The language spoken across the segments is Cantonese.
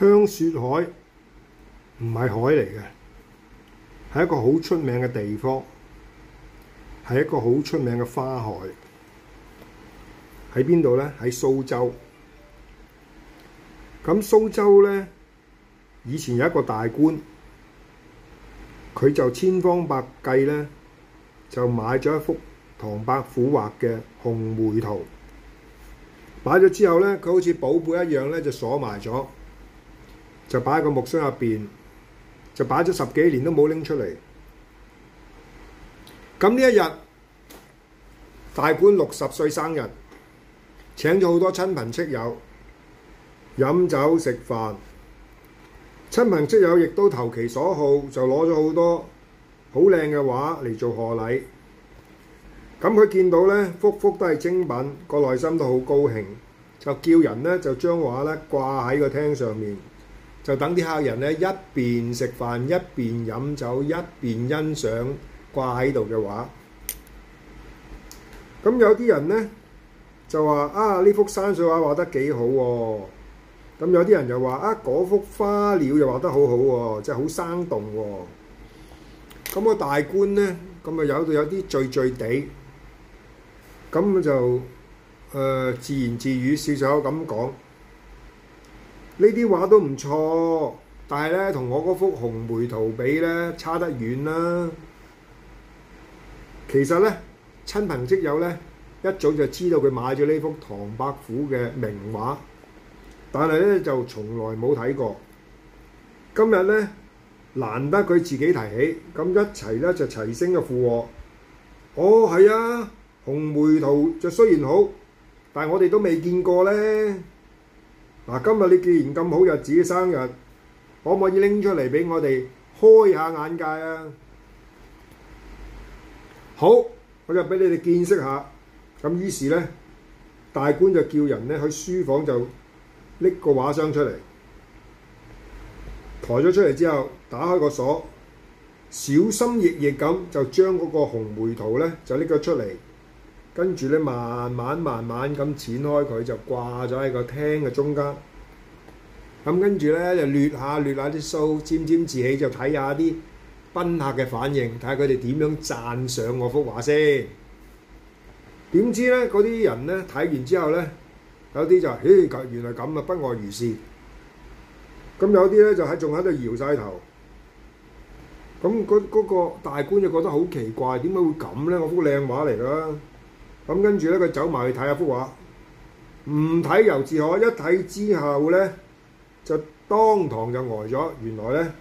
香雪海唔係海嚟嘅，係一個好出名嘅地方，係一個好出名嘅花海。喺邊度咧？喺蘇州。咁蘇州咧，以前有一個大官，佢就千方百計咧，就買咗一幅唐伯虎畫嘅《紅梅圖》，買咗之後咧，佢好似寶貝一樣咧，就鎖埋咗。就擺喺個木箱入邊，就擺咗十幾年都冇拎出嚟。咁呢一日大官六十歲生日，請咗好多親朋戚友飲酒食飯。親朋戚友亦都投其所好，就攞咗好多好靚嘅畫嚟做賀禮。咁佢見到呢，幅幅都係精品，個內心都好高興，就叫人呢就將畫呢掛喺個廳上面。就等啲客人咧，一邊食飯，一邊飲酒，一邊欣賞掛喺度嘅畫。咁有啲人咧就話：啊，呢幅山水畫畫得幾好喎、哦！咁有啲人就話：啊，嗰幅花鳥又畫得好好、哦、喎，即係好生動喎、哦。咁個大官咧，咁啊有度有啲醉醉地，咁就誒、呃、自言自語，笑笑口咁講。呢啲畫都唔錯，但係咧同我嗰幅紅梅圖比咧差得遠啦、啊。其實咧親朋戚友咧一早就知道佢買咗呢幅唐伯虎嘅名畫，但係咧就從來冇睇過。今日咧難得佢自己提起，咁一齊咧就齊聲嘅附和。哦，係啊，紅梅圖就雖然好，但係我哋都未見過咧。嗱、啊，今日你既然咁好日子生日，可唔可以拎出嚟俾我哋開下眼界啊？好，我就俾你哋見識下。咁於是咧，大官就叫人咧喺書房就拎個畫箱出嚟，抬咗出嚟之後，打開個鎖，小心翼翼咁就將嗰個紅梅圖咧就拎咗出嚟，跟住咧慢慢慢慢咁展開佢，就掛咗喺個廳嘅中間。咁跟住咧就掠下掠下啲蘇沾沾自喜，就睇下啲賓客嘅反應，睇下佢哋點樣讚賞我幅畫先。點知咧嗰啲人咧睇完之後咧，有啲就誒，原來咁啊，不外如是。咁有啲咧就喺仲喺度搖晒頭。咁嗰嗰個大官就覺得好奇怪，點解會咁咧？我幅靚畫嚟啦。咁跟住咧佢走埋去睇下幅畫，唔睇尤自可，一睇之後咧。當堂就呆咗，原來咧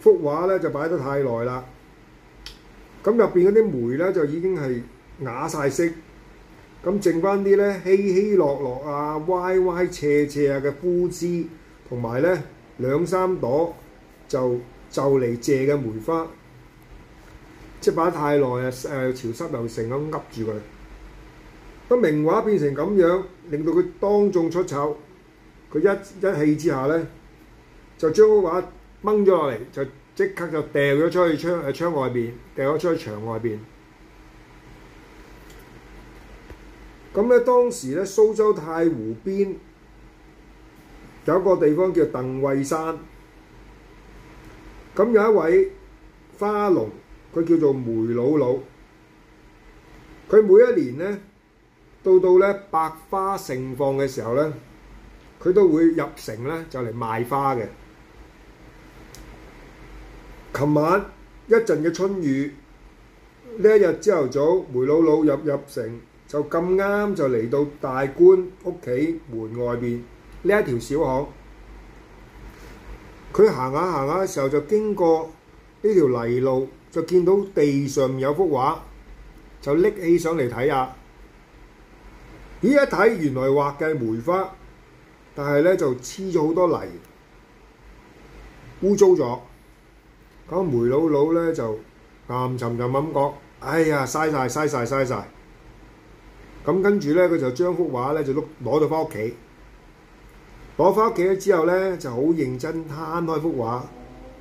幅畫咧就擺得太耐啦，咁入邊嗰啲梅咧就已經係啞晒色，咁剩翻啲咧稀稀落落啊歪歪斜斜啊嘅枯枝，同埋咧兩三朵就就嚟謝嘅梅花，即係擺得太耐啊誒潮濕又剩咁噏住佢，咁名畫變成咁樣，令到佢當眾出醜，佢一一氣之下咧～就將幅畫掹咗落嚟，就即刻就掟咗出去窗誒窗外邊，掟咗出去牆外邊。咁咧當時咧蘇州太湖邊有一個地方叫鄧尉山。咁有一位花農，佢叫做梅老老。佢每一年咧到到咧百花盛放嘅時候咧，佢都會入城咧就嚟賣花嘅。琴晚一陣嘅春雨，呢一日朝頭早梅老老入入城，就咁啱就嚟到大官屋企門外邊呢一條小巷，佢行下行下嘅時候就經過呢條泥路，就見到地上有幅畫，就拎起上嚟睇下，咦，一睇原來畫嘅梅花，但係咧就黐咗好多泥，污糟咗。嗰梅老老咧就暗沉沉咁講，哎呀，嘥晒，嘥晒，嘥晒。咁跟住咧，佢就將幅畫咧就攞到翻屋企，攞翻屋企之後咧，就好認真攤開幅畫，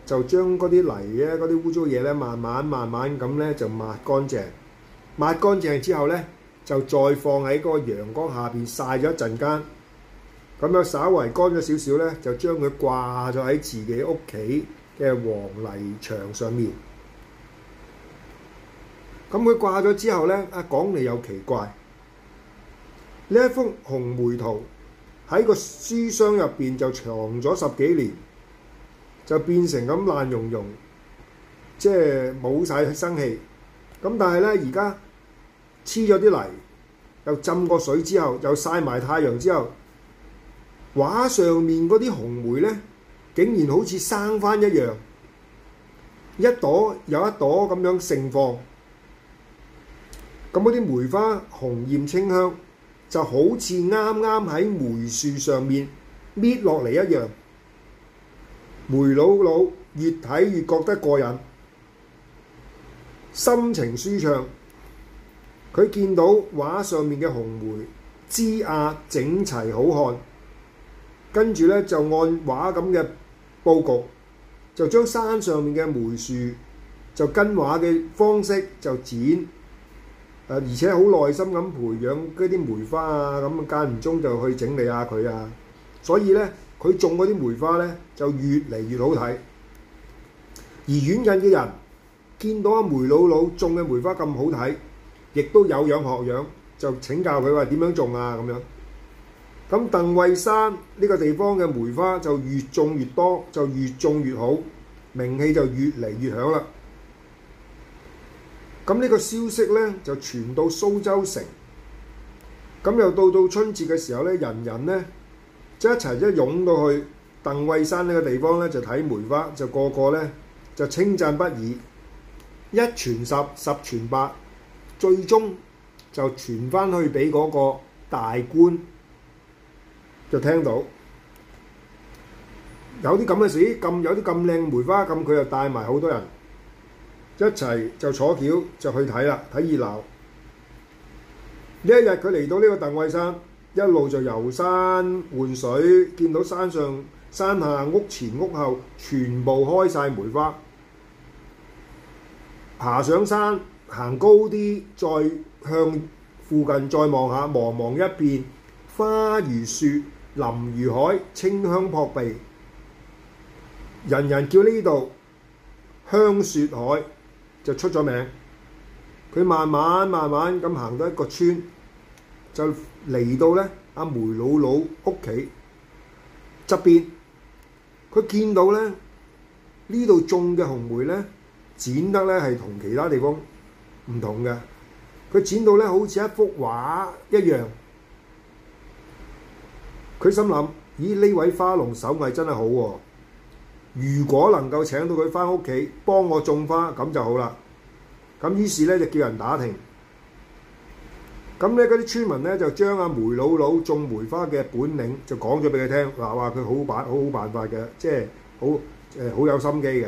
就將嗰啲泥咧、嗰啲污糟嘢咧，慢慢慢慢咁咧就抹乾淨。抹乾淨之後咧，就再放喺嗰個陽光下邊曬咗一陣間。咁樣稍為乾咗少少咧，就將佢掛咗喺自己屋企嘅黃泥牆上面，咁佢掛咗之後咧，啊，講嚟又奇怪。呢一幅紅梅圖喺個書箱入邊就藏咗十幾年，就變成咁爛融融，即係冇晒生氣。咁但係咧，而家黐咗啲泥，又浸過水之後，又曬埋太陽之後，畫上面嗰啲紅梅咧。竟然好似生翻一樣，一朵有一朵咁樣盛放。咁嗰啲梅花紅豔清香，就好似啱啱喺梅樹上面搣落嚟一樣。梅老老越睇越覺得過癮，心情舒暢。佢見到畫上面嘅紅梅枝椏整齊好看，跟住咧就按畫咁嘅。.佈局就將山上面嘅梅樹就跟畫嘅方式就剪，而且好耐心咁培養嗰啲梅花啊，咁間唔中就去整理下佢啊。所以咧，佢種嗰啲梅花咧就越嚟越好睇。而遠近嘅人見到阿梅姥姥種嘅梅花咁好睇，亦都有樣學樣，就請教佢話點樣種啊咁樣。咁鄧惠山呢個地方嘅梅花就越種越多，就越種越好，名氣就越嚟越響啦。咁呢個消息咧就傳到蘇州城，咁又到到春節嘅時候咧，人人咧即一齊一湧到去鄧惠山呢個地方咧，就睇梅花，就個個咧就稱讚不已，一傳十，十傳百，最終就傳翻去俾嗰個大官。就聽到有啲咁嘅事，咁有啲咁靚梅花，咁佢就帶埋好多人一齊就坐轎就去睇啦，睇熱鬧。呢一日佢嚟到呢個鄧尉山，一路就遊山玩水，見到山上山下屋前屋後全部開晒梅花。爬上山，行高啲，再向附近再望下，茫茫一片花如雪。林如海，清香撲鼻，人人叫呢度香雪海就出咗名。佢慢慢慢慢咁行到一個村，就嚟到咧阿梅姥姥屋企側邊。佢見到咧呢度種嘅紅梅咧剪得咧係同其他地方唔同嘅，佢剪到咧好似一幅畫一樣。佢心諗，咦，呢位花農手藝真係好喎、啊！如果能夠請到佢返屋企幫我種花，咁就好啦。咁於是咧就叫人打聽，咁咧嗰啲村民咧就將阿梅姥姥種梅花嘅本領就講咗俾佢聽，嗱話佢好辦，好好辦法嘅，即係好誒、呃、好有心機嘅。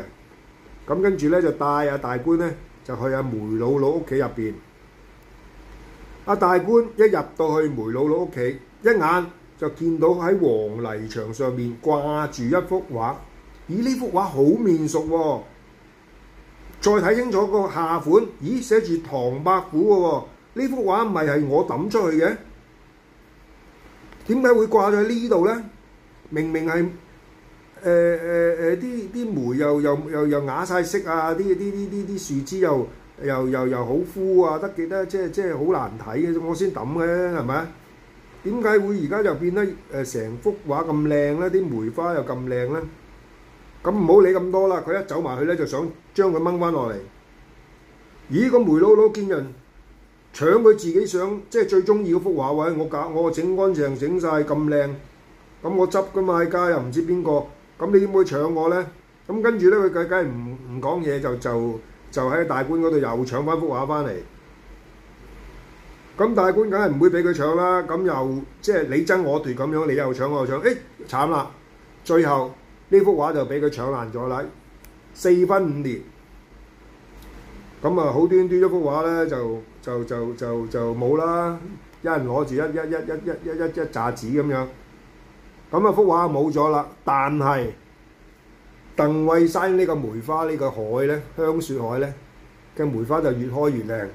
咁跟住咧就帶阿大官咧就去阿梅姥姥屋企入邊。阿、啊、大官一入到去梅姥姥屋企，一眼，就見到喺黃泥牆上面掛住一幅畫，咦？呢幅畫好面熟喎、哦！再睇清楚個下款，咦？寫住唐伯虎嘅喎、哦，呢幅畫唔係係我抌出去嘅？點解會掛咗喺呢度咧？明明係誒誒誒，啲、呃、啲、呃呃、梅又又又又瓦晒色啊！啲啲啲啲啲樹枝又又又又好枯啊！得幾得即係即係好難睇嘅，我先抌嘅係咪？點解會而家就變得誒成幅畫咁靚咧？啲梅花又咁靚咧？咁唔好理咁多啦，佢一走埋去咧，就想將佢掹翻落嚟。咦！個梅佬佬見人搶佢自己想即係最中意幅畫位，我搞我整乾淨整晒咁靚，咁我執噶嘛喺街又唔知邊個，咁你點會搶我咧？咁跟住咧，佢梗係唔唔講嘢就就就喺大館嗰度又搶翻幅畫翻嚟。咁大官梗係唔會俾佢搶啦，咁又即係、就是、你爭我奪咁樣，你又搶我又搶，誒、欸、慘啦！最後呢幅畫就俾佢搶爛咗啦，四分五裂。咁啊，好端端一幅畫咧，就就就就就冇啦，一人攞住一一一一一一一一扎紙咁樣。咁啊，幅畫冇咗啦，但係鄧尉山呢個梅花呢個海咧，香雪海咧嘅梅花就越開越靚，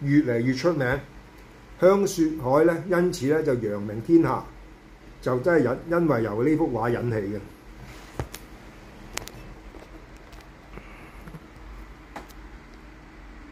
越嚟越出名。香雪海咧，因此咧就揚名天下，就真係引，因為由呢幅畫引起嘅。